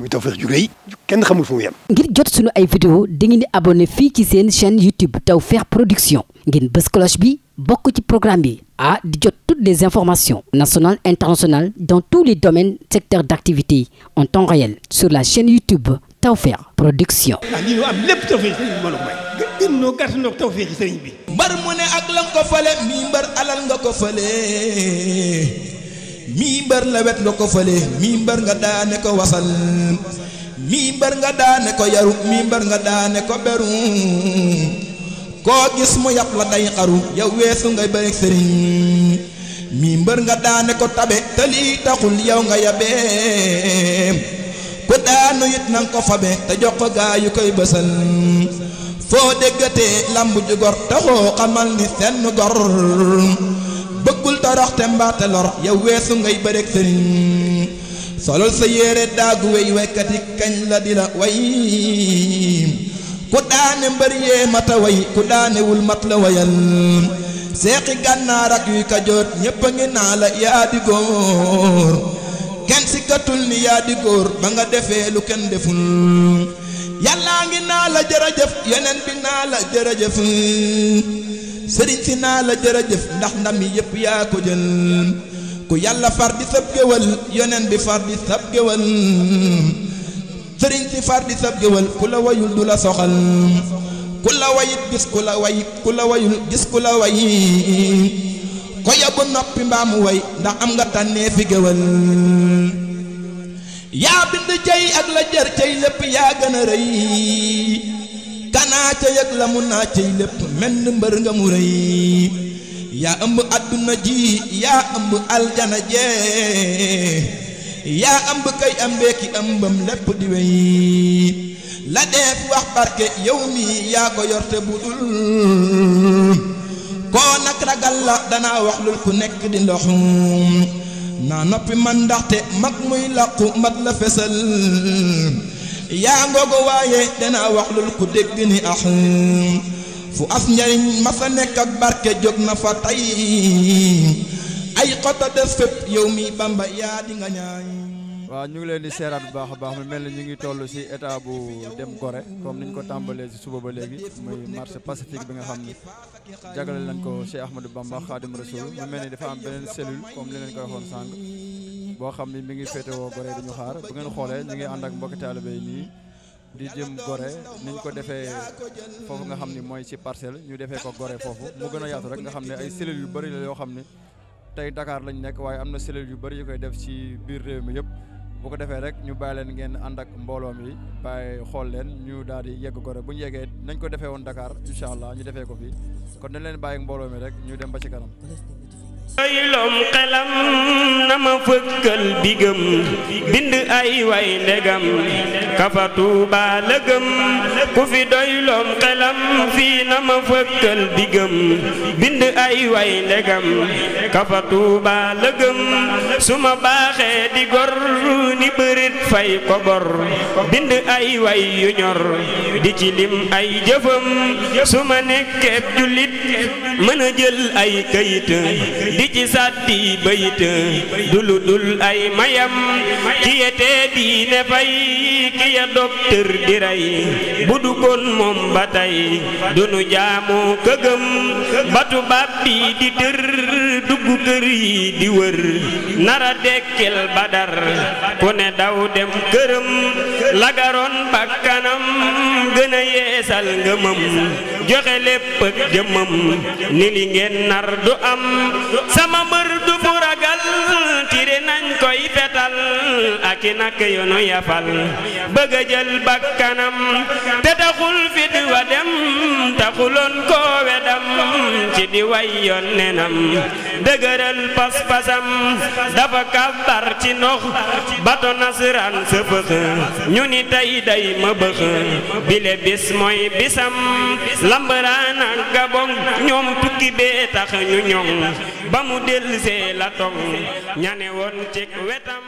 muy Tawfekh ju rëy kenn xamul fu mu yem. ngir jot sunu ay vidéo dangeen di abonné fii ci seen chaîne YouTube Tawfekh Production ngeen bës bi bokk ci programme bi ah di jot toutes les informations nationales internationales dans tous les domaines secteurs d'activité en temps réel sur la chaîne YouTube Tawfekh Production. ah lii ñu am lépp Tawfekh sëriñ bi mbooloo mbar mu ne ak lan ko fale mi mbar alal nga ko fale. mii mbër la wet nga ko fële mii mbër nga daane ko wasal mii mbër nga daane ko yaru mii mbër nga daane ko beru koo gis mu yàpp la day xaru yow weesu ngay bëreeg sëriñ mii mbër nga daane ko tabe te lii taxul yow nga yabee ku daanu it nanga ko fabe te jox ko gaa koy bësal foo déggatee lamb ju gor taxoo xamal ni senn gor bëggul torox te mbaate lor yow weesu ngay bëreg sëriñ solol sa yére daagu wey waykati kañ la di la way ku daane mbër yee mata way ku daanewul mat la wayal seexi gànnaar ak yuy kajoot ñépp a ngi naa la yaa di góor kenn si ni yaa di góor ba nga defee lu kenn deful yàllaa ngi naa la jërëjëf yeneen bi naa la jërëjëf sëriñ si naa la jërëjëf ndax ndam yi yëpp yaa ko jël ku yàlla far di sab géwal yonen bi far di sab géwal sëriñ si far di sab géwal ku la wayul du la soxal ku la wayit gis ku la way ku la wayul ku la way ko yóbbu noppi mbaamu way ndax am nga tànnee fi yaa bind cey ak la jër cey lépp yaa gën a rëy kanaa ca yëg la mu naa cay lépp menn mbër nga mu rëy yaa ëmb àdduna ji yaa ëmb aljana jee yaa ëmb kay ëmbee ëmbam lépp di wey la def wax barke yow mi yaa ko yorte bu dul koo nag ragal la dana wax lul ku nekk di ndoxu naa noppi man ndaxte mag muy làqu mag la fesal yaa ngoogu waaye danaa wax lul ku dégg ni ax fu as njariñ ma sa nekk ak barke jóg na fa tey ay xota des fépp yow mi bamba yaa di nga ñaay waaw ñu ngi leen di seeraat bu baax a baax mel ni ñu ngi toll ci état bu dem Gorée comme ni ñu ko tàmbalee ci suba ba léegi muy marché pacifique bi nga xam ne jagleel nañ ko Cheikh Ahmadou Bamba Khadim Rasoul mu mel ni dafa am beneen cellule comme li leen ko waxoon sànq boo xam ni mi ngi féetewoo Gorée di ñu xaar bu ngeen xoolee ñu ngi ànd ak mbokki taalibe yi nii di jëm Gorée niñ ko defee foofu nga xam ni mooy ci parcelle ñu defee ko Gorée foofu mu gën a yaatu rek nga xam ne ay cellules yu bëri yoo xam ne tey Dakar lañ nekk waaye am na cellules yu bëri yu koy def ci biir mi yëpp bu ko defee rek ñu bàyyi leen ngeen ànd ak mbooloo mi bàyyi leen ñu daal di yegg Gorée bu ñu yeggee nañ ko defee woon Dakar incha allah ñu defee ko bi kon nañ leen bàyyi ak mbooloo mi rek ñu dem ba ci kanam doylom xelam na ma fëkkal bigam bind ay way ndegam kafa tuuba lëgëm ku fi doylom xelam fii na ma fëkkal bigam bind ay way ndegam kafa tuuba lëgëm su ma baaxee di gor ni bërit fay kobor bind ay way yu di ci lim ay jëfam su ma nekkeeb jullit mën a jël ay kayit di ci sàddi bayit du lu dul ay mayam ki yetee diine fay ki ya docteur di rey bu du moom ba tey du nu jaamoo këgëm ba tubaab di tër dugg kër yi di wër nara dekkel badar ku ne daw dem këram lagaroon bakkanam gën a yeesal ngëmam joxe lépp ak jëmmam li li ngeen nar du am sama mbër du bu ragal tire nañ koy fetal ak i nak yu nu yafal bëgg a jël bakkanam te taxul fi wa dem taxuloon koo wedam ci di way yoon nenam dëgëral pas-pasam dafa kàbbar ci nox bato nasaraan sëfëx ñu ni tey day ma bëx bile bis mooy bisam lambaraan ak gabon ñoom tukki bee tax ñu ñoŋ ba mu dellusee la toŋ ñane woon ci wetam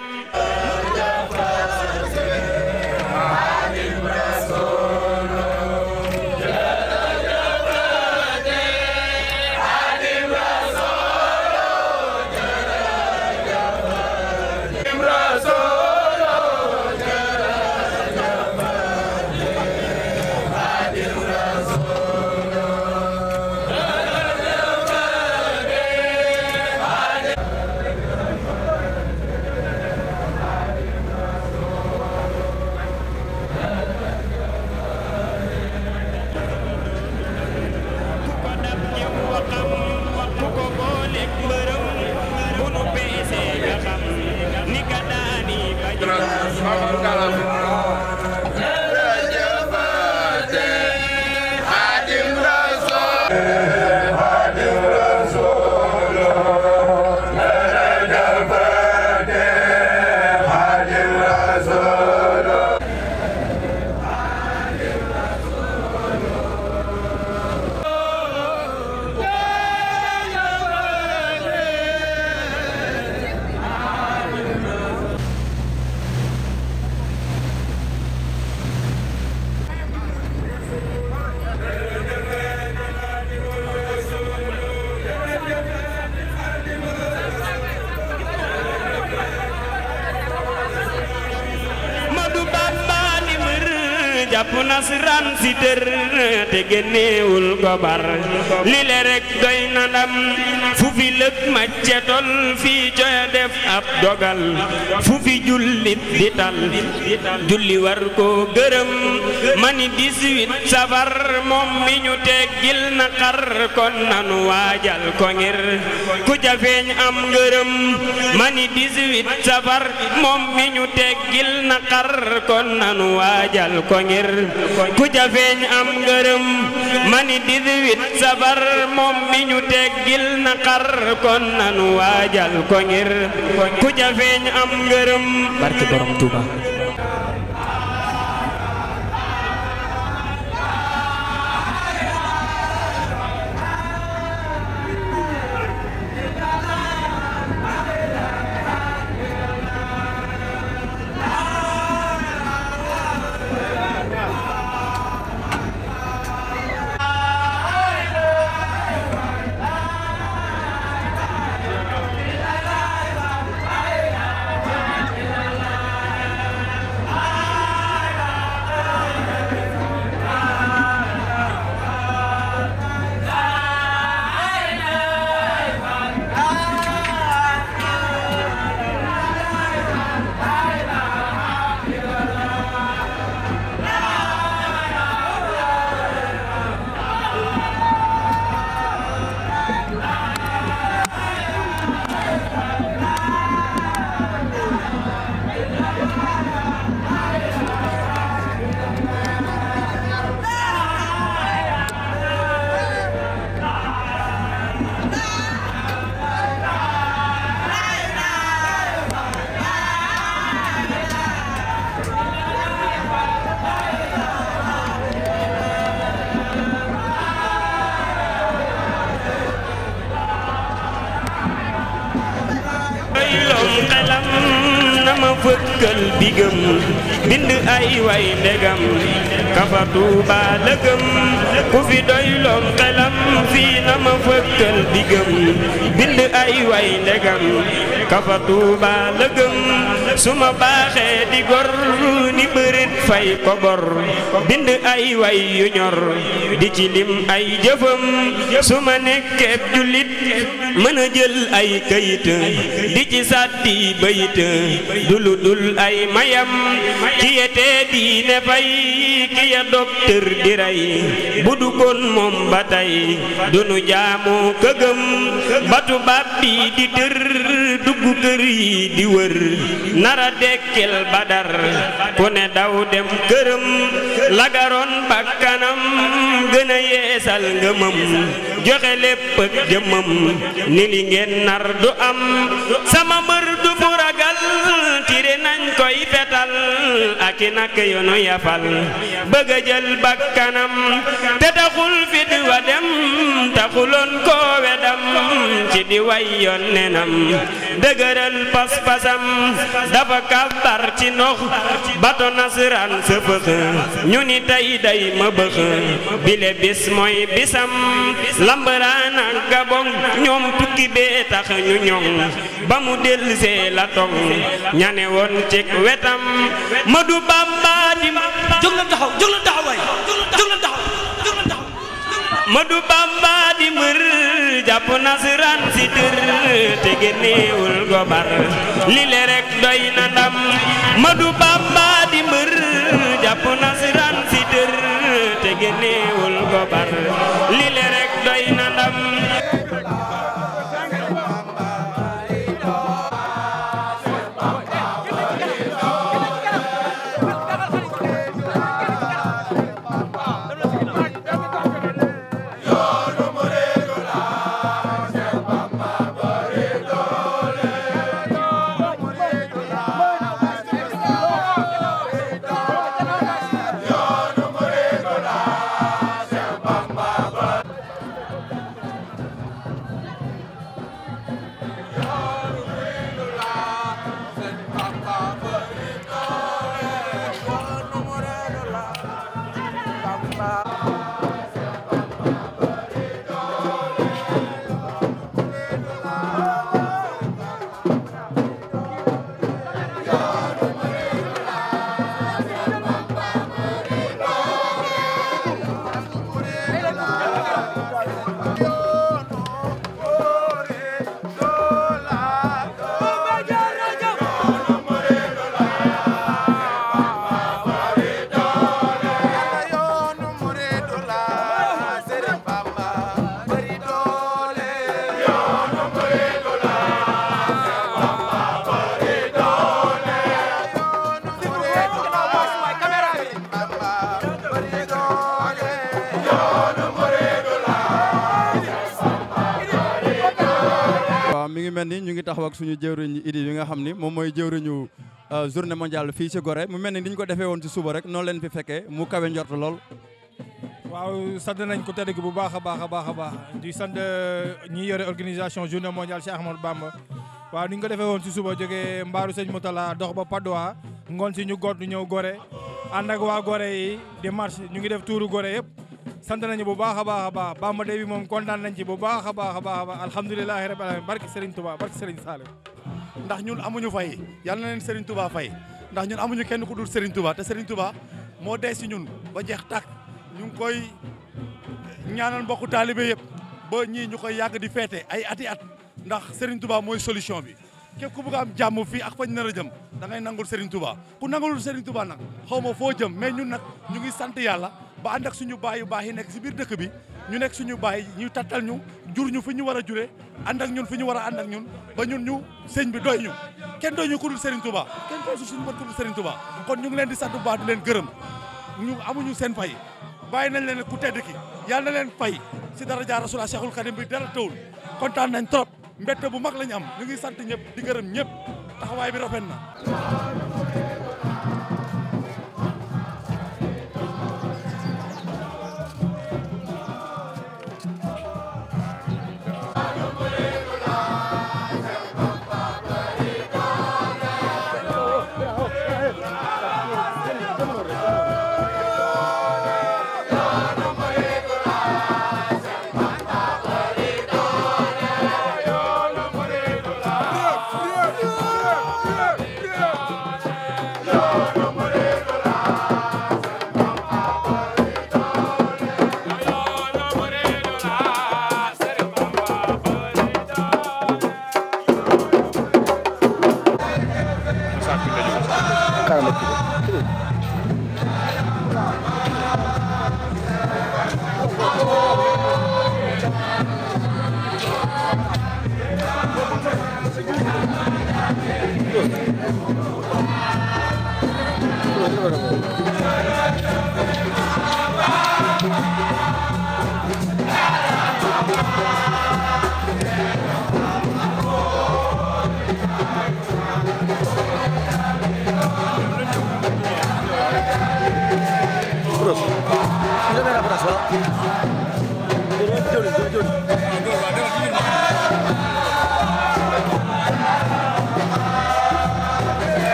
nasran si dër te génneewul gobar li le rek doy na mani 18 safar moom mi ñu teggil na xar ko na xar waajal ko ngir ku ja am ngërëm ngëm mani dix-huit safar moom mi ñu teggil naqar kon nanu waajal ko ngir ku ca feeñ am ngërëm barke borom Tuuba way ndegam kafa ku fi doy loon fii na ma fëkkal digëm bind ay way ndegam kafa Tuuba lëgëm su ma baaxee di gor ni bërit fay ko bind ay way yu di ci lim ay jëfam su ma nekkeeb julli mën a jël ay kayit di ci sàddi bayit du lu dul ay mayam ki yetee di ne fay ki ya docteur di rey bu du moom ba tey du nu jaamu këgëm batu baab di dër dugg kër yi di wër nara dekkil badar ku ne daw dem këram la garoon bakkanam gën a yeesal ngëmam joxe lépp ak jëmmam ni li ngeen nar du am sama mbër du bu ragal tire nañ koy fetal ak i nak yafal bëgg a jël bakkanam te taxul fit wa dem taxuloon koo wedam ci di way yoon nenam dëgëral pas-pasam dafa kàbbar ci nox bato nasaraan sëfëx ñu ni tey day ma bëx bile bis mooy bisam lambaraan ak gabon ñoom tukki bee tax ñu ñoŋ ba mu delsee la toŋ ñane woon ci wetam Madu Bamba di jóg la taxaw jóg la taxaw la taxaw jóg la taxaw Madu Bamba jàpp nasaraan si te génneewul gobar lile rek doy na ndam madu bamba di mbër jàpp nasaraan si te génneewul gobar ak suñu jëwriñ idi yi nga xam ni moom mooy jëwriñu euh, journée mondial fii ci Gorée mu mel ni ñu ko defee woon ci suba rek noonu leen fi fekkee mu kawe njort lool. waaw sant nañ ko tedd bu baax a baax a baax a baax di sant euh, ñi yore organisation journée mondiale Cheikh Ahmadou Bamba. waaw ni ñu ko defee woon ci suba jógee mbaaru sëñ Moutala dox ba Padoa ngoon si ñu góor ñëw gore ànd ak waa Gorée yi di marche ñu ngi def tuuru gore yëpp. sant nañu bu baax a baax a baax Bamba Day bi moom kontaan nañ ci bu baax a baax a baax a baax alhamdulilahi rabbil alamin barke Serigne Touba barke Serigne ndax ñun amuñu fay yal na leen Serigne tubaa fay ndax ñun amuñu kenn ku dul Serigne Touba te Serigne tubaa moo dee si ñun ba jeex tàkk ñu koy ñaanal mbokku taalibe yëpp ba ñii ñu koy yàgg di feete ay ati at ndax Serigne Touba mooy solution bi képp ku bëgg am jàmm fii ak fañ nar jëm da ngay nangul Serigne tubaa ku nangulul Serigne Touba nag xaw ma foo jëm mais ñun nag ñu ngi sant yàlla ba ànd ak suñu baay yu baax yi nekk si biir dëkk bi ñu nekk suñu baay ñu tattal ñu jur ñu fu ñu war a jure ànd ak ñun fu ñu war a ànd ak ñun ba ñun ñu sëñ bi doy ñu kenn doy ñu ku dul Serigne Touba kenn doy suñu bët ku dul Serigne Touba kon ñu ngi leen di sant bu baax di leen gërëm ñu amuñu seen fay bàyyi nañ leen ku tedd ki yàlla na leen fay si daraja Rasulullah Cheikhul Khadim bi dara tawul kontaan nañ trop mbette bu mag lañ am ñu ngi sant ñëpp di gërëm ñëpp taxawaay bi rafet na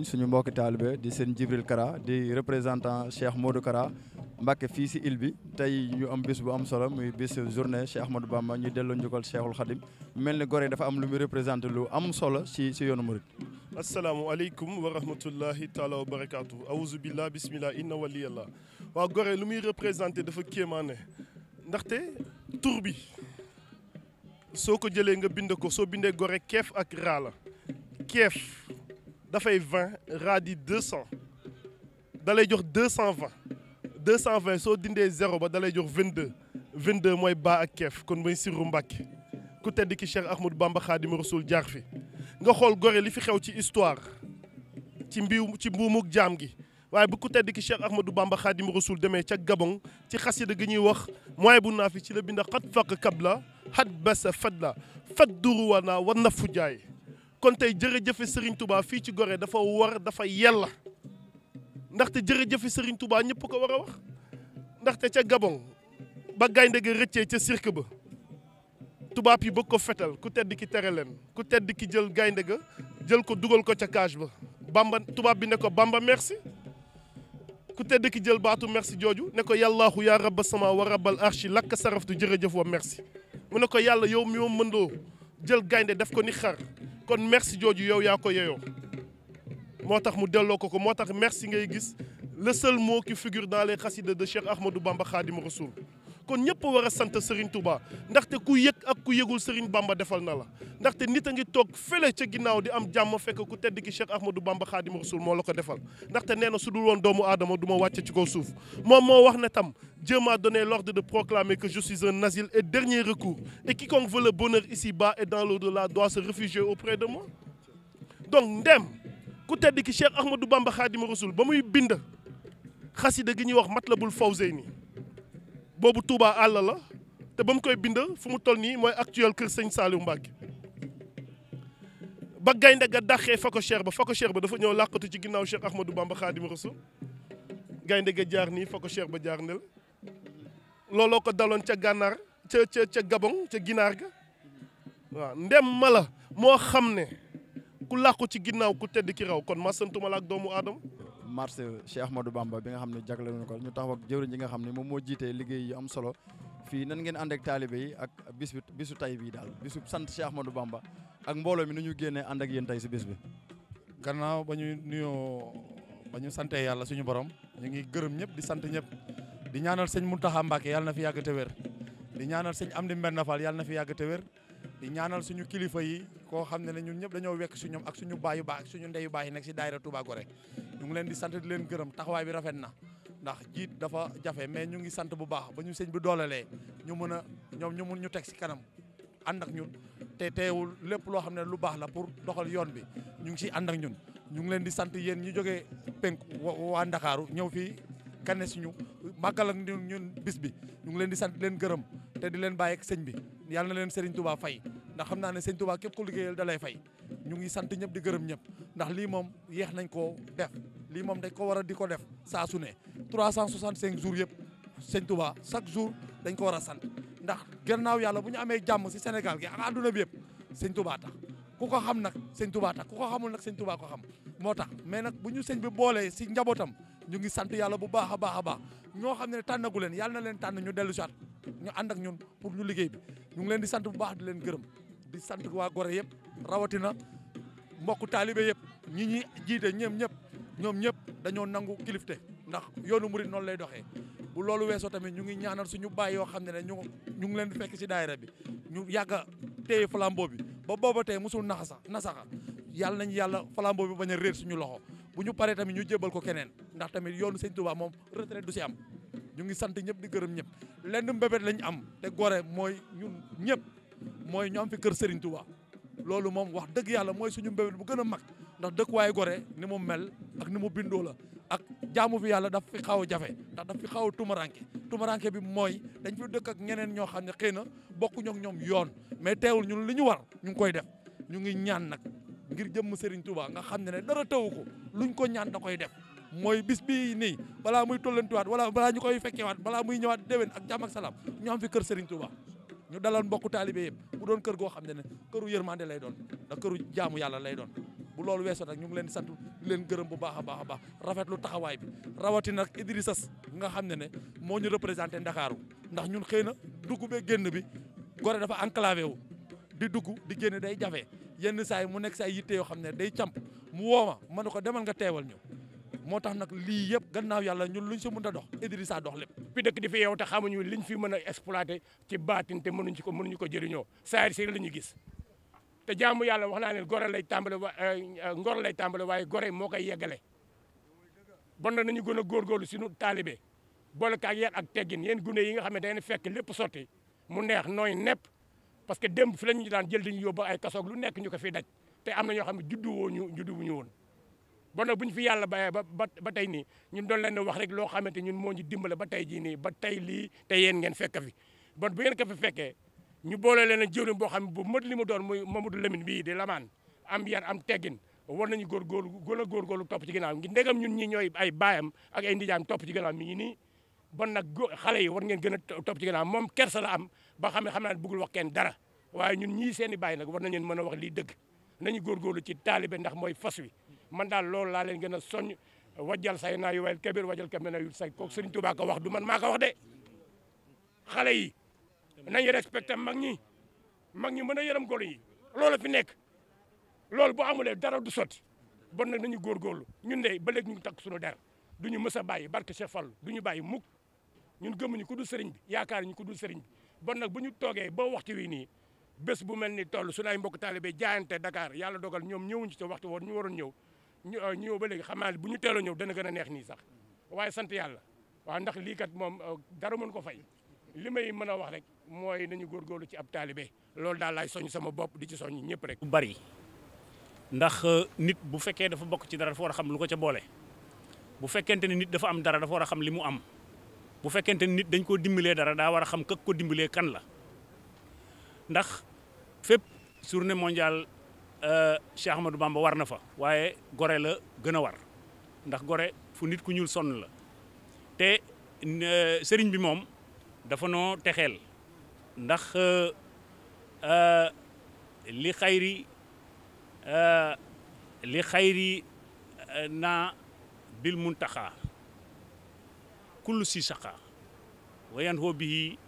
sëriñ suñu mbokki taalibe di seen Jibril Kara di représentant Cheikh Modou Kara Mbacke fii si il bi tey ñu am bis bu am solo muy bis journée Cheikh Ahmadou Bamba ñu delloo njukkal Cheikhul Khadim mel ni Gorée dafa am lu muy représenté lu am solo si si yoonu murid asalaamaaleykum wa rahmatullahi taala wa barakaatu awuzu billah bismillah inna waliyallah waaw gore lu muy représenté dafa kéemaane ndaxte tur soo ko jëlee nga bind ko soo bindee Gorée keef ak raa la dafay vingt raadi deux cent da lay jox deux cent vingt deux cent vingt soo dindee zéro ba da lay jox vingt deux vingt deux mooy baa ak keef kon mooy sirru Mbàkke ku tedd ki Cheikh Ahmadou Bamba Xaadimu Rasuul jaar fi nga xool gore li fi xew ci histoire ci mbiw ci mbuumuk jaam gi waaye bu ku tedd ki Cheikh Ahmadou Bamba Xaadimu Rasuul demee ca Gabon ci xasida gi ñuy wax mooy bu naa fi ci la bind xat faq kab la xat basa fad la fat duruwa naa war na fu jaay kon tey jërëjëfe Serigne Touba fii ci gore dafa war dafa yella ndaxte jërëjëfe Serigne Touba ñëpp ko war a wax ndaxte ca Gabon ba gaynde ga rëccee ca cirque ba tubaab yi bëgg ko fetal ku tedd ki tere leen ku tedd ki jël gaynde ga jël ko dugal ko ca cage ba bamba tubaab bi ne ko bamba mersi ku tedd ki jël baatu merci jooju ne ko yàllaahu yaa rabba sama wa rabbal arshi lakka saraftu jërëjëf wa mersi mu ne ko yàlla yow mi ma mëndoo jël gaynde def ko ni xar kon merci jooju yow yaa ko yeyoo moo tax mu delloo ko ko moo tax merci ngay gis le seul mot qui figure dans les xasida de Cheikh Ahmadou Bamba Khadim Rassoul kon ñëpp war a sant Serigne Touba ndaxte ku yëg ak ku yëgul Serigne Bamba defal na la ndaxte nit a ngi toog fële ca ginnaaw di am jàmm fekk ku tedd ki Cheikh Ahmadou Bamba Khadim Rasoul moo la ko defal ndaxte nee na su dul woon doomu aadama du ma wàcce ci kaw suuf moom moo wax ne tam Dieu m'a donné l'ordre de proclamer que je suis un asile et dernier recours et quiconque veut le bonheur ici-bas et dans l'au-delà doit se réfugier auprès de moi donc ndem ku tedd ki Cheikh Ahmadou Bamba Khadim Rasoul ba muy bind xasida gi ñuy wax Matlabul Fawzeyni boobu Touba àll la te ba mu koy bind fu mu toll nii mooy actuel kër sëñ Saliou Mbacké ba gaynde ga daxee fako cheikh ba fako cheikh ba dafa ñëw làqatu ci ginnaaw Cheikh Ahmadou Bamba Khadim Rasoul gaynde ga jaar nii fako cheikh ba jaar nel looloo ko daloon ca gànnaar ca ca ca gabon ca ginaar ga waaw ndem mala moo xam ne ku làqu ci ginnaaw ku tedd ki raw kon ma santuma ak doomu aadam marché Cheikh Ahmadou Bamba bi nga xam ne jagleel nañu ko ñu taxaw ak jëwriñ ji nga xam ne moom moo jiitee liggéey yu am solo fii nan ngeen ànd ak taalibe ak bis bi bisu tay bii daal bisu sant Cheikh Ahmadou Bamba ak mbooloo mi nu ñu génnee ànd ak yéen tey si bis bi. gannaaw ba ñu nuyoo ba ñu sante yàlla suñu borom ñu ngi gërëm ñëpp di sant ñëpp di ñaanal sëñ Mountakha Mbacké yàlla na fi yàgg te di ñaanal sëñ Amdi Mbenn Fall yàlla na fi yàgg te wér di ñaanal suñu kilifa yi koo xam ne ne ñun ñëpp dañoo wekk si ñoom ak suñu baayu baax ak suñu ndeyu baax yi nekk si daayira Touba ñu ngi leen di sant di leen gërëm taxawaay rafet na ndax jiit dafa jafe mais ñu ngi sant bu baax ba sëñ bi doolelee ñu mën a ñoom ñu ñu teg si kanam ànd ak ñun te lépp loo xam ne lu baax la pour doxal yoon bi ñu ngi siy ànd ak ñun ñu ngi leen di sant yéen ñu jógee penk waa Ndakaaru ñëw fii gane si ñu màggal ñun bis bi ñu ngi leen di sant leen gërëm te di leen bàyyi ak sëñ bi yàlla leen Serigne Touba fay ndax xam naa ne Serigne Touba képp ko liggéeyal dalay fay ñu ngi sant ñëpp di gërëm ñëpp ndax lii moom yeex nañ koo def lii moom dañ ko war a di ko def saa su ne cinq jours yëpp Serigne Touba chaque jour dañ ko war a sant ndax gannaaw yàlla bu ñu amee jàmm si Sénégal gi ak àdduna bi yëpp Serigne Touba tax ku ko xam nag Serigne Touba tax ku ko xamul nag Serigne Touba ko xam moo tax mais nag bu ñu sëñ bi boolee si njabootam ñu ngi sant yàlla bu baax a baax a baax ñoo xam ne tànnagu leen yàlla na leen tànn ñu dellu si ñu ànd ak ñun pour ñu liggéey bi ñu ngi leen di sant bu baax di leen gërëm di sant waa Gorée yëpp rawatina mbokku taalibe yëpp ñi ñi jiite ñoom ñëpp ñoom ñëpp dañoo nangu kilifte ndax yoonu murit noonu lay doxee bu loolu weesoo tamit ñu ngi ñaanal suñu baay yoo xam ne ne ñu ñu ngi leen di fekk si daayira bi ñu yàgg a téye flambeau bi ba booba tey mosul naxa nasaxa yàlla nañ yàlla falamboo bi bañ a réer suñu loxo bu ñu paree tamit ñu jébal ko keneen ndax tamit yoonu sëñ Tuubaa moom retraite du si am ñu ngi sant ñëpp di gërëm ñëpp lenn mbébét lañ am te gore mooy ñun ñëpp mooy ñu am fi kër Serigne Touba loolu moom wax dëgg yàlla mooy suñu mbébét bu gën a mag ndax dëkkuwaay gore ni mu mel ak ni mu bindoo la ak jaamu fi yàlla daf fi xaw a jafe ndax daf fi xaw a tumaranke tumaranke bi mooy dañ fi dëkk ak ñeneen ñoo xam ne xëy na bokku ñoog ñoom yoon mais teewul ñun li ñu war ñu ngi koy def ñu ngi ñaan nag ngir jëmm Serigne Touba nga xam ne ne dara tawu ko luñ ko ñaan da koy def mooy bis bi nii balaa muy tollantiwaat wala balaa ñu koy fekkewaat balaa muy ñëwaat déwén ak jàmm ak salaam ñu am fi kër Serigne Touba ñu dalal mbokku taalibe yëpp bu doon kër goo xam ne ne këru yërmande lay doon da këru jaamu yàlla lay doon bu loolu weesoo nag ñu ngi leen sant leen gërëm bu baax a baax a baax bi rawatina nag Idrissa Seck nga xam ne ne moo ñu représenté Ndakaaru ndax ñun xëy na dugg be génn bi Gorée dafa enclavé wu di dugg di génn day jafe yenn saa yi mu nekk si ay yoo xam ne day camp mu wooma ma ne ko demal nga teewal ñu moo tax nag lii yëpp gannaaw yàlla ñun luñ si mën a dox saa dox lépp fi dëkk di fi yeew te xamuñu liñ fi mën a exploité ci baatin te mënuñ ci ko mënuñu ko jëriñoo saar si la ñu gis te jaamu yàlla wax naa ne gore lay tàmbale wa euh, euh, ngor lay tàmbale waaye gore moo koy yeggale bon na nañu gën a góorgóorlu sunu taalibe boole kaak yar ak teggin yéen gune yi nga xam ne da ngeen fekk lépp sotti mu neex nooy nepp parce que démb fi la ñu daan jël diñu yóbbu ay kasoog lu nekk ñu ko fi daj te am na ñoo xam ne juddu ñu juddu woon bon nag bu ñu fi yàlla bayee ba ba tey nii ñun doon leen wax rek loo xamante ñun moo ñu dimbale ba tey jii nii ba tey lii te yéen ngeen fekk fi bon bu yen ko fi fekkee ñu boole leen ak jëwriñ boo xam ne bu mët li mu doon muy Mamadou Lamine bii di lamaan am yar am teggin war nañu góorgóorlu gën a góorgóorlu topp ci ginnaaw ngi ndegam ñun ñi ñooy ay baayam ak ay ndijaam ci ginnaaw mi ngi nii bon nag xale yi war ngeen gën a topp ci ginnaaw moom kersa la am ba xam ne xam naa bëggul wax kenn dara waaye ñun ñii seen i baay nag war na nañu mën a wax lii dëgg nañu góorgóorlu ci taalibe ndax mooy fas wi man daal loolu laa leen gën a soññ wajjal say naa yu wayal kabir wajjal kabir naa yu say kooku Serigne Touba ko wax du man maa ko wax de xale yi nañu respecté mag ñi mag ñi mën a yërëm golo yi loolu fi nekk loolu boo amulee dara du sotti bon nag nañu góorgóorlu ñun de ba léegi ñu ngi takk suñu der ñu mës a bàyyi barke Cheikh Fall duñu bàyyi mukk ñun gëmuñu ku dul sëriñ bi yaakaar ñu ku dul sëriñ bi bon nag bu ñu toogee boo waxtu wi nii bés bu mel ni toll suñu ay mbokk taalibe jaayante Dakar yàlla dogal ñoom ñëwuñ ci te waxtu woon ñu waroon ñëw ñu euh, ñëw ba léegi xam naa bu ñu teel a ñëw dana gën a neex nii sax waaye sant yàlla waaw ndax lii kat moom euh, dara mën ko fay li may mën a wax rek mooy nañu góorgóorlu ci ab taalibe loolu daal laay soñ sama bopp di ci soñ ñëpp rek. bu bari ndax euh, nit bu fekkee dafa bokk ci dara dafa war a xam lu ko ca boole bu fekkente ne nit dafa am dara dafa war a xam li mu am bu fekkente ni nit dañ koo dimbalee dara daa war a xam kak ko dimbalee kan la ndax fépp journée mondiale. Euh, Cheikh Ahmadou Bamba war na fa waaye gore la gën a war ndax gore fu nit ku ñuul sonn la te euh, sëriñ bi moom dafa noo texeel ndax euh, li xayri li xayri naa bil muntaxa kullu si saqa wayan hoo bihi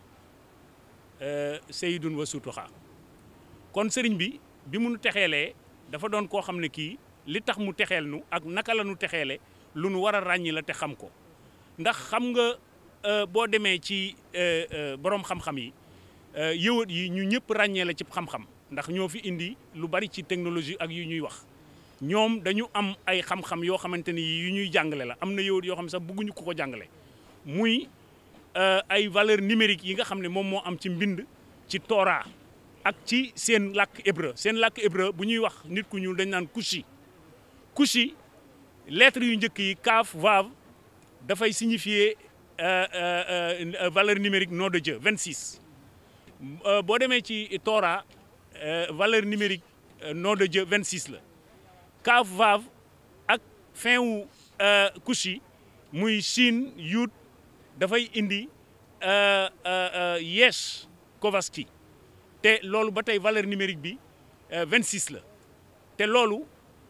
seydun wa sutuxa kon sëriñ bi bi mu nu texeelee dafa doon koo xam ne kii li tax mu texeel nu ak naka la nu texeele lu nu war a ràññi la te xam ko ndax xam nga euh, boo demee ci euh, euh, borom xam-xam yi yëwat yi ñu ñëpp ràññee la ci xam-xam ndax ñoo fi indi lu bari ci technologie ak yu ñuy wax ñoom dañu am ay xam-xam yoo xamante ni yu ñuy jàngale la am na yëwat yoo xam sax bëgguñu ko ko jàngale muy ay valeur numérique yi nga xam ne moom moo am ci mbind ci tooraa ak ci seen làkk hébreu seen làkk hébreu bu ñuy wax nit ku ñuul dañ naan kushi kushi lettres yu njëkk yi kaaf vav dafay signifier euh, euh, euh, valeur numérique nom de Dieu 26 boo demee ci Torah valeur numérique nom de vingt 26 la kaaf vav ak fin wu kushi muy shin yuut dafay indi yeesh kovaski te loolu ba tey valeur numérique bi 26 euh, la te loolu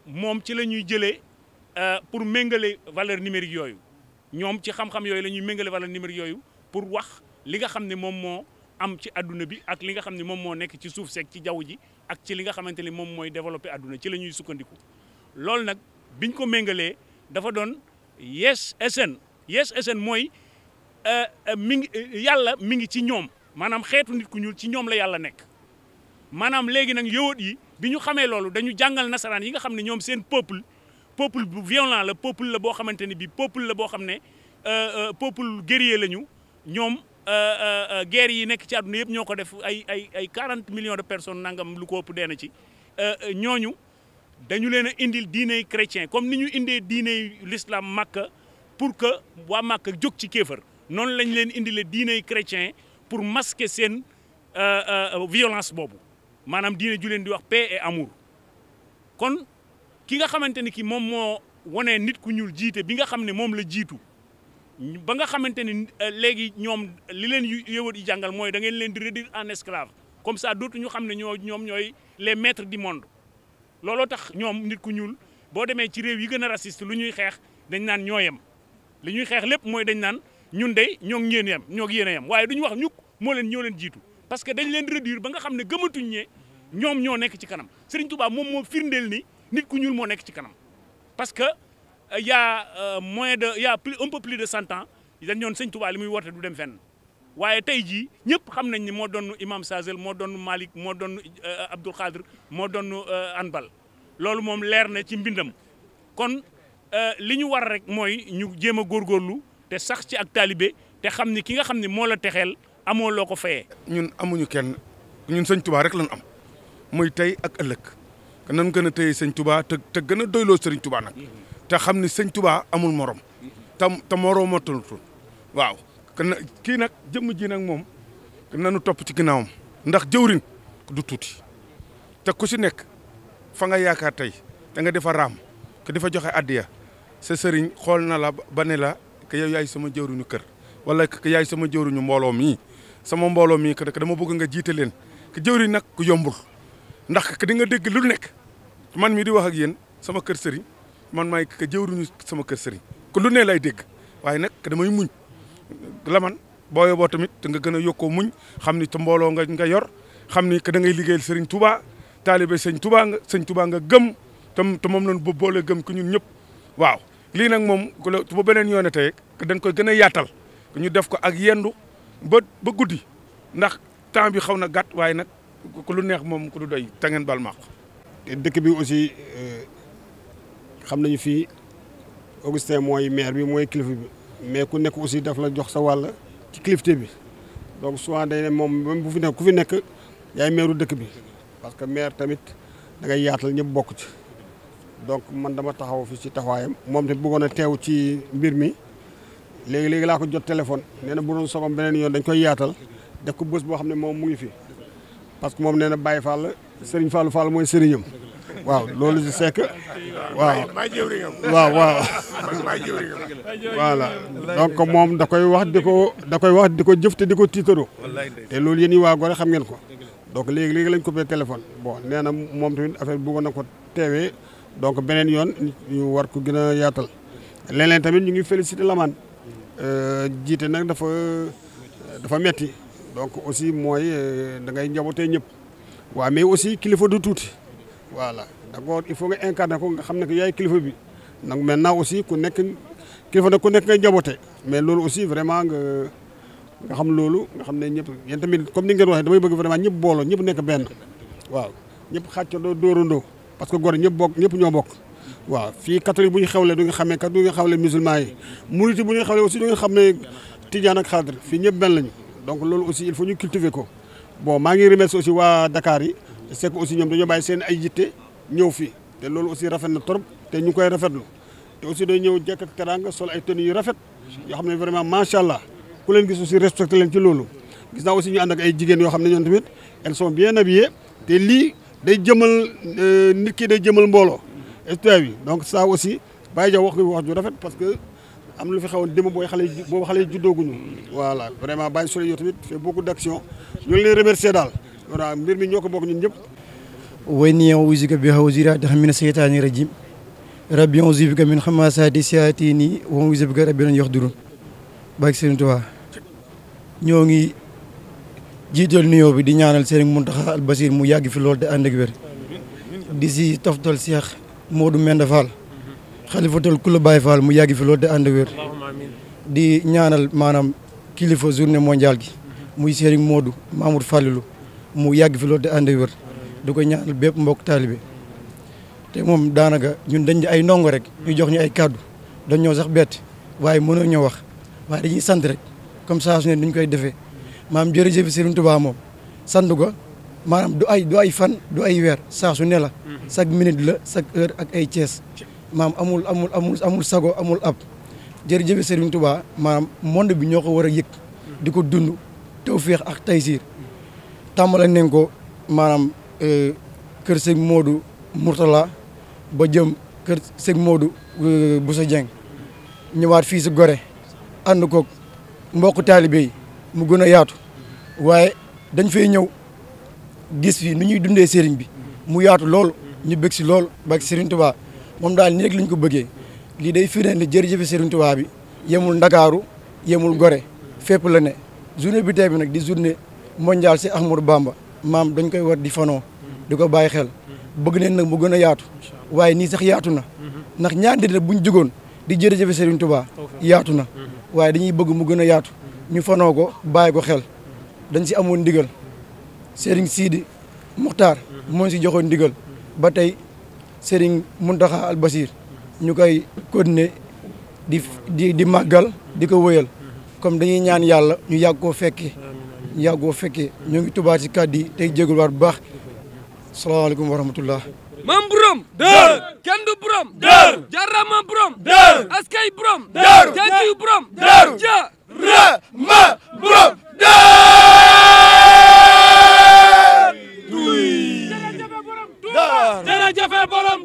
moom ci la ñuy jëlee euh, pour méngale valeur numérique yooyu ñoom ci xam-xam yooyu la ñuy méngale valeur numérique yooyu pour wax li nga xam ne moom moo am ci adduna bi ak li nga xam ne moom moo nekk ci suuf seeg ci jaww ji ak ci li nga xamante ni moom mooy développé adduna ci la ñuy sukkandiku loolu nag biñ ko méngalee dafa doon yes SN yes SN mooy euh, mi ngi yàlla mi ngi ci ñoom maanaam xeetu nit ku ñuul ci ñoom la yàlla nekk maanaam léegi nag yowat yi bi ñu xamee loolu dañu jàngal nasaraan yi nga xam ne ñoom seen peuple peuple bu violent la peuple la boo xamante ne bii peuple la boo xam ne euh, euh, peuple guerrier la ñu ñoom euh, guerre yi nekk ci àdduna yëpp ñoo ko def ay ay ay 40 millions de personnes nangam lu ko ëpp dee na ci ñooñu dañu leen a indil diiney chrétien comme ni ñu indee diiney l'islam Makka pour que waa Makka jóg ci kéefar noonu lañ leen indilee diiney chrétien pour masquer seen euh, euh, violence boobu maanaam diine ju leen di wax pe et amour kon ki nga xamante ni ki moom moo wane nit ku ñuul jiite bi nga xam ne moom la jiitu ba nga xamante ni euh, léegi ñoom li leen yow di jàngal mooy da ngeen leen di réduire en esclave comme ça dootuñu xam ne ñoo ñoom ñooy les maîtres du monde looloo tax ñoom nit ku ñuul boo demee ci réew yi gën a raciste lu ñuy xeex dañ naan ñoo yem lu ñuy xeex lépp mooy dañ naan ñun de ñoo ngeen yem ñoo ngi yéen a yem waaye moo leen ñoo leen jiitu parce que dañ leen réduire ba nga xam ne gëmatuñ ñee ñoom ñoo nekk ci kanam Serigne Touba moom moo firndeel ni nit ku ñuul moo nekk ci kanam parce que euh, y a euh, moins de y a plus un peu plus de cent ans dañ ñoon Serigne Touba muy woote du dem fenn waaye tey jii ñëpp xam nañ ni moo doon Imam Sazel moo doon Malick moo doon euh, Abdoul Khadr moo doon Anbal loolu moom leer na ci mbindam kon li ñu war rek mooy ñu jéem a góorgóorlu te sax ci ak taalibe te xam ni ki nga xam ni moo la texeel amoo loo ko fayee. ñun amuñu kenn ñun sëñ Touba rek lañ am muy tey ak ëllëg nan gën a téye sëñ tubaa te te gën a doyloo sëriñ Touba nag te xam ni sëñ Touba amul morom te te moroomatul waaw. kon kii nag jëmm ji nag moom nanu topp ci ginnaawam ndax jëwrin du tuuti te ku si nekk fa nga yaakaar tey da nga defa raam defa joxe addiya sa sëriñ xool na la ba ne la que yaay sama jëwriñu kër wala que yaay sama jëwriñu mbooloo mii sama mbooloo mii que dama bëgg nga jiite leen que jëwriñ nag ku yombul ndax que di nga dégg lu nekk man mii di wax ak yéen sama kër sëriñ man maay que jëwriñu sama kër sëriñ ku lu ne lay dégg waaye nag que damay muñ la man boo tamit te nga gën a yokkoo muñ xam ni ta mbooloo nga nga yor xam ni que da ngay liggéeyal sëriñ Touba taalibe sëñ Touba nga sëñ Touba nga gëm ta te moom lañ ba boole gëm ku ñun ñëpp waaw lii nag moom tuba beneen yoone tey dañ koy gën a ñu def ko ak yendu ba ba guddi ndax temps bi xaw na gàtt waaye nag ku lu neex moom ku du doy tangeen ngeen bal maq dëkk bi aussi euh, xam nañu fi Augustin mooy maire bi mooy kilifa bi mais ku nekk aussi daf la jox sa wàll ci kilifté bi donc souvent day moom bu fi nekk ku fi nekk yaay maireu dëkk bi parce que maire tamit da ngay yaatal ñëpp bokk ci donc man dama taxaw fi ci taxawaayam moom te bëggoon a teew ci mbir mi léegi léegi laa ko jot téléphone nee na bu doon sogom beneen yoon dañ koy yaatal def ko bés boo xam ne moom mu ngi fi parce que moom nee na Baye Fall Serigne Fallou Fall mooy sëriñam waaw loolu si sekk waaw waaw waaw voilà moom da koy wax di ko da koy wax di ko jëf te di ko tiitaroo te loolu yéen ñi waa Gorée xam ngeen ko donc léegi léegi lañ ko coupé téléphone nee na moom tamit affaire bëggoon na ko teewee beneen yoon ñu war ko gën a yaatal leneen tamit ñu ngi félicité Lamane Euh, jiite nag dafa dafa metti donc aussi mooy euh, da ngay njabootee ñëpp waaw mais aussi kilifa du tuuti voilà d'accord il faut nga incarner ko nga xam ne que yaay kilifa bi nag maintenant aussi ku nekk kilifa nag ku nekk ngay njaboote mais loolu aussi vraiment nga nga xam loolu nga xam ne ñëpp yéen tamit comme ni ngeen waxee damay bëgg vraiment ñëpp booloo ñëpp nekk benn waaw ñëpp xàccandoo dóorandoo parce que gor ñëpp bokk ñëpp ñoo bokk. waaw fii catholique bu ñu xewle du nga xamee kat du nga xawle musulman yi muriti bu ñu xewle aussi du nga xam ne tijaan ak xaadir fii ñëpp benn lañu donc loolu aussi il faut ñu cultiver ko bon maa ngi remercier aussi waa Dakar yi c'est aussi ñoom dañoo bàyyi seen ay yitte ñëw fii te loolu aussi rafet na trop te ñu koy rafetlu te aussi day ñëw jekk ak teraanga sol ay tenues yu rafet yoo xam ne vraiment macha allah ku leen gis aussi respecté leen ci loolu gis naa aussi ñu ak ay jigéen yoo xam ne ñoom tamit elles sont bien habillées te lii day jëmal euh, nit ki day jëmal mbooloo SDE bi donc ça aussi Baye Diaw wax wax ju rafet parce que am na lu fi xewoon démb booy xale yi boobu xale yi juddooguñu voilà vraiment Baye Souleye yow tamit fait daal mbir mi ñoo ko bokk ñun ni xaw zira dax mina seytaani rajim rabbi auzu bika min xamasaati sayaatini wa auzu bika rabbi an yahdurun ñoo ngi jiital nuyoo bi di ñaanal Sëriñ Muntaxa Al Basiir mu yàgg fi loolu de ànd ak wér di si toftal seex Modou Mende Fall xalifatul kula Baye Fall mu yàgg fi loolu te ànd di ñaanal maanaam kilifa journée mondiale gi muy Serigne Modou Mamour Fallilou mu yàgg fi loolu te ànd wér ko ñaanal bépp mbokk taalibe te moom daanaka ñun dañ ay ndongo rek ñu jox ñu ay kàddu dañ ñoo sax bett waaye mënoo ñoo wax waaye dañuy sant rek comme saa su ne duñ koy defee maam jërëjëf Serigne Touba moom sant ko maanaam du ay du ay fan du ay weer saa su ne la chaque minute la chaque heure ak ay Thiès maam amul amul amul amul sago amul ab jërëjëf Serigne Touba maanaam monde bi ñoo ko war a yëg di ko dund te tawféex ak taysiir tàmbale nañ ko maanaam euh, kër sëñ Modou Mourtala ba jëm kër sëñ Modou euh, Boussa Dieng ñëwaat fii si Gorée ànd ko mbokk taalibe yi mu gën a yaatu waaye dañ fay ñëw gis fi nu ñuy dundee sëriñ bi mu yaatu lool ñu bëgg si lool bak Serigne Touba moom daal nii rek lañ ko bëggee lii day firndeel ne jërëjëf Serigne Touba bi yemul Ndakaaru yemul Gore fépp la ne journée bi tey bi nag di journée mondiale si Ahmadou Bamba maam dañ koy war di fanoo di ko bàyyi xel bëgg neen nag mu gën a yaatu waaye nii sax yaatu na ndax ñaar déet buñ jugoon di jërëjëf Serigne Touba yaatu na waaye dañuy bëgg mu gën a yaatu ñu fanoo ko bàyyi ko xel dañ si amoon ndigal si Sidi Muxtaar moo si joxoon ndigal ba tey Serigne Mountakha Al Basir ñu koy continuer di di di màggal di ko wëyal dañuy ñaan yàlla ñu yàgg koo fekkee ñu yàgg koo fekkee ñoo ngi tubaat ci kàddu tey jégul waat bu baax salaamaaleykum wa rahmatullah maam borom dër kenn du borom dër jarama ra ma borom dër jafe-jafe borom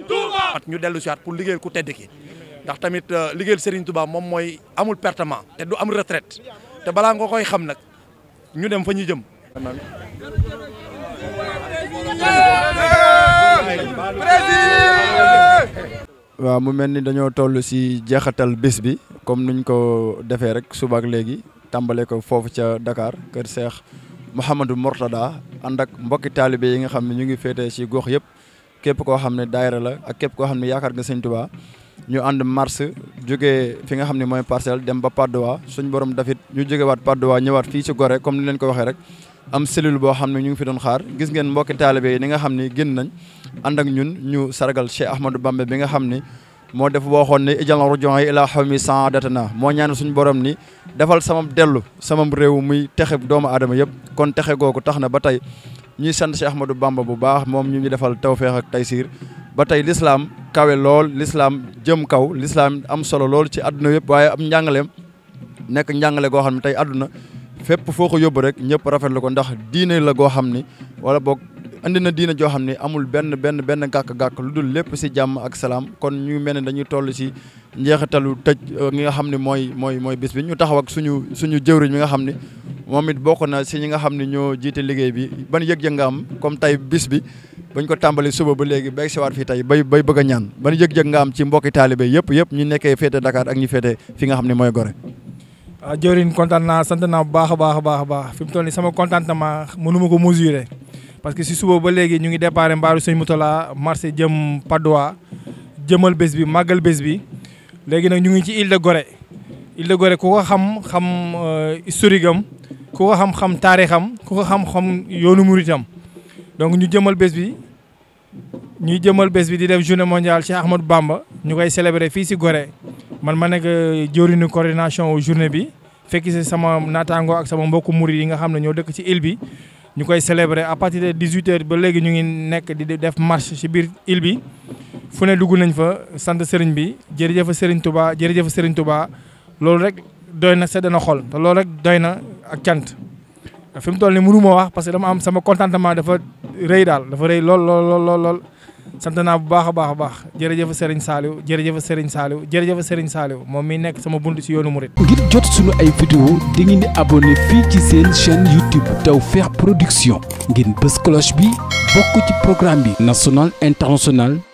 at ñu dellu si waat pour liggéeyal ku tedd ki ndax tamit euh, liggéeyal Serigne Touba moom mooy amul pertement te du am retraite te balaa ngoo koy xam nag ñu dem fa ñu jëm. waaw mu mel ni dañoo toll si jeexatal bés bi comme nuñ ko defee rek suba ak léegi tàmbale ko foofu ca Dakar kër Cheikh Mouhamadou Mourtada ànd ak mbokki taalibe yi nga xam ne ñu ngi féetee si gox yëpp. képp koo xam ne daayira la ak képp koo xam ne yaakaar nga sëñ ñu ànd mars jóge fi nga xam ne mooy parcelle dem ba Patte d'Oie suñ borom dafit ñu jógewaat Patte d'Oie ñëwaat fii ci Gorée comme ni leen ko waxee rek am cellule boo xam ne ñu ngi fi doon xaar gis ngeen mbokki taalibe ni nga xam ne génn nañ ànd ak ñun ñu sargal Cheikh Ahmadou bambe bi nga xam ne moo def waxoon ne ijal rojon yi ilaa xawmi saadatana moo ñaan suñ borom ni defal sama dellu samam réew muy texe doomu aadama yëpp kon texe googu tax na ba tey ñuy sant ma Ahmadou Bamba bu baax moom ñu ñu defal tawféex ak taysiir ba tey lislaam kawe lool lislaam jëm kaw lislaam am solo lool ci àdduna yëpp waaye am njàngaleem nekk njàngale goo xam ne tey àdduna fépp foo ko yóbbu rek ñëpp rafetlu ko ndax diine la goo xam ni wala boog andi na diina joo xam ne amul benn benn benn gàkk-gàkk lu dul lépp si jàmm ak salaam kon ñu mel ne dañuy toll si njeexitalu tëj ñi euh, nga xam ne mooy mooy mooy bis bi ñu taxawak suñu suñu jëwriñ mi nga xam ne moom it bokk na si ñi nga xam ne ñoo jiite liggéey bi ban yëg-yëg nga am comme tey bis bi bañ ko tàmbali suba ba léegi bay siwaat fii tey bay bay bëgg ñaan ban yëg-yëg nga am ci mbokki taalibe yëpp yëpp ñu nekkee féete Dakar ak ñu féete fi nga xam ni mooy Gorée waaw ah, jëwriñ kontaan naa sant naa bu baax a baax a baax a baax fi mu toll nii sama contentement mënu ma ko mesurer parce que si suba ba léegi ñu ngi déparé mbaaru sëñ Moutala marché jëm Padoa jëmal bés bi màggal bés bi léegi nag ñu ngi ci île de gore île de Gorée ku ko xam xam euh, historique ku ko xam xam taarixam ku ko xam xam yoonu muritam donc ñu jëmal bés bi ñuy jëmal bés bi di def journée mondiale Cheikh Ahmadou Bamba ñu koy célébrer fii si gore man ma nekk euh, jëwriñu coordination journée bi fekk si sama naataango ak sama mbokku murid yi nga xam ne ñoo dëkk ci île bi ñu koy célébrer à partir de 18h ba léegi ñu ngi nekk di def marche si biir île bi fu ne dugg nañ fa sant Serigne bi jërëjëf Serigne Touba jërëjëf Serigne Touba loolu rek doy na sedd na xol te loolu rek doy na ak cant. fi mu toll nii mënu wax parce que dama am sama contentement dafa rëy daal dafa rëy lool lool lool lool. sant naa bu baax a baax a baax jërëjëf Serigne Saliou jërëjëf Serigne Saliou jërëjëf Serigne Saliou moom mi nekk sama bunt si yoonu murit ngir jot suñu ay vidéo di ngeen di abonné fii ci seen chaîne YouTube Tawfekh Production ngeen bës cloche bi bokk ci programme bi national international